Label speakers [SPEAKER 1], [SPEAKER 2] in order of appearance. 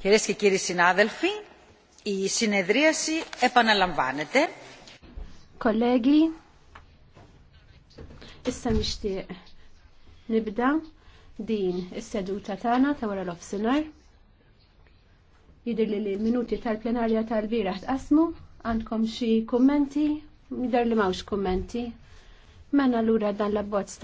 [SPEAKER 1] Κυρίες και κύριοι συνάδελφοι, η συνεδρίαση επαναλαμβάνεται.
[SPEAKER 2] Κολέγοι, issa nixtieq nibda din is-seduta tagħna ta' wara l-ofsinhar. Jidher li l-minuti tal-plenarja tal-bieraħ tqasmu, għandkom xi kummenti, jidher li m'hawnx kummenti. Mena lura dan
[SPEAKER 3] l-abbozz